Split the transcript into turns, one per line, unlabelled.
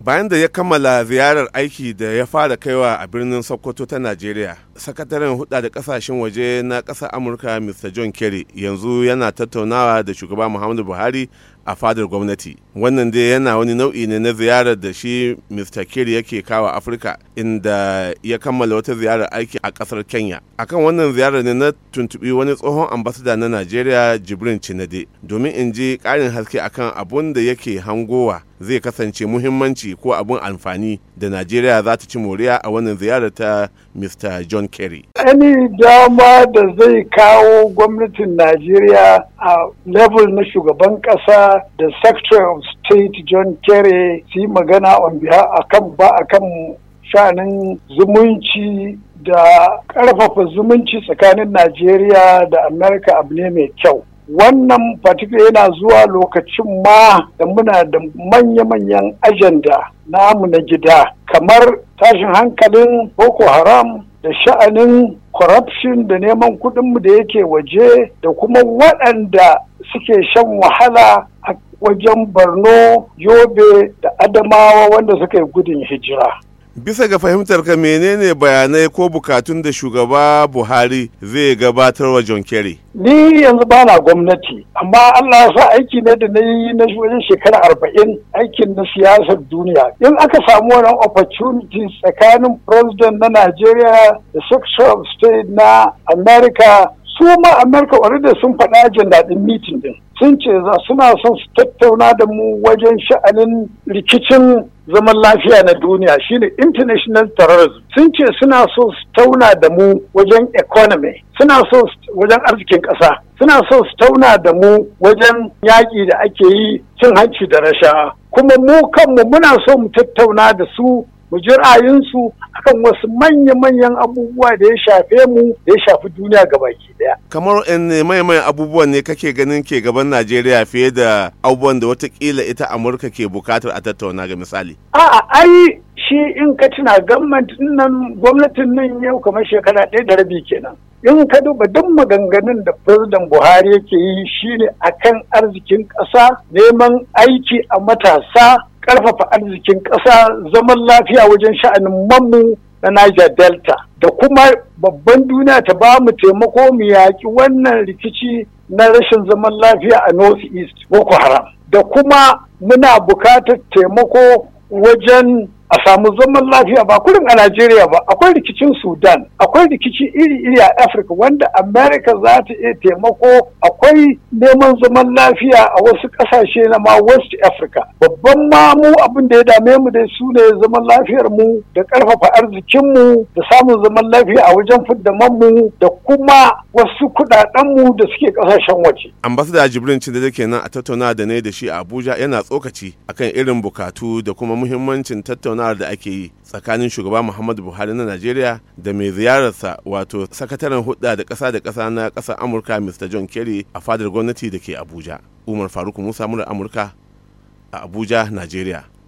bayan da ya kammala ziyarar aiki da ya fara kaiwa a birnin sokoto ta najeriya sakataren hudu da kasashen waje na ƙasar amurka mr john kerry yanzu yana tattaunawa da shugaba muhammadu buhari a fadar gwamnati wannan dai yana wani nau'i ne na ziyarar da shi mr kerry yake kawo afirka inda ya kammala wata ziyarar aiki a kasar kenya akan wannan ziyarar ne na tuntubi wani tsohon ambasada na najeriya jibrin cinade domin in ji karin haske akan abun da yake hangowa zai kasance muhimmanci ko abun amfani da najeriya za ta ci moriya a wannan ziyarar ta mr john Ani,
Any dama da zai kawo gwamnatin Najeriya a level na shugaban ƙasa da Secretary of State John Kerry su magana on a kan ba a kan shanin zumunci da ƙarfafa zumunci tsakanin Najeriya da Amerika abu ne mai kyau. Wannan particular yana zuwa lokacin ma da muna da manya-manyan ajanda namu na gida kamar tashin hankalin Boko Haram da sha'anin corruption da neman kuɗinmu da yake waje da kuma waɗanda suke shan wahala a wajen borno yobe da adamawa wanda suka yi gudun hijira
bisa ga fahimtar ka menene bayanai ko bukatun da shugaba buhari zai gabatar wa john kerry
ni yanzu ba na gwamnati amma allah sa aiki ne da na yi na wajen shekara arba'in aikin na siyasar duniya in aka samu wannan opportunity tsakanin president na nigeria da secretary of state na america su ma Amurka already sun faɗa jin daɗin mitin din sun ce za suna son su tattauna da mu wajen sha'anin rikicin zaman lafiya na duniya shine international terrorism sun ce suna so su tauna da mu wajen economy suna so wajen arzikin ƙasa suna so su tauna da mu wajen yaƙi da ake yi cin hanci da rasha. kuma mu kanmu muna so mu tattauna da su mu ji ra'ayinsu akan wasu manya-manyan abubuwa da ya shafe mu da ya shafi duniya baki daya.
Kamar in manya-manyan abubuwan ne kake ganin ke gaban Najeriya fiye da abubuwan da watakila ita Amurka ke bukatar a tattauna ga misali.
A'a ai shi in ka tuna nan gwamnatin nan yau kamar shekara ɗaya da rabi kenan. In ka duba duk maganganun da Firzidan Buhari yake yi shine akan arzikin ƙasa neman aiki a matasa ƙarfafa arzikin ƙasa zaman lafiya wajen sha'anin manmu na Niger Delta da kuma babban duniya ta ba mu taimako mu yaƙi wannan rikici na rashin zaman lafiya a North East Boko Haram da kuma muna buƙatar taimako wajen a samu zaman lafiya ba kurin a Najeriya ba akwai rikicin Sudan akwai rikici iri-iri a Afirka wanda Amerika za ta iya taimako akwai neman zaman lafiya a wasu ƙasashe na ma West Africa babban ma mu abin da ya dame mu da su ne zaman lafiyar mu da karfafa arzikin mu da samun zaman lafiya a wajen fidda mu da kuma wasu kuɗaɗen mu da suke ƙasashen waje.
Ambassador Jibrin Cinde da nan a tattauna da ne da shi a Abuja yana tsokaci akan irin bukatu da kuma muhimmancin tattauna tattaunawar da ake yi tsakanin shugaba muhammadu buhari na najeriya da mai ziyararsa wato sakataren hudda da kasa da kasa na ƙasar amurka mr john kerry a fadar gwamnati da ke abuja umar faruk musa mura amurka a abuja najeriya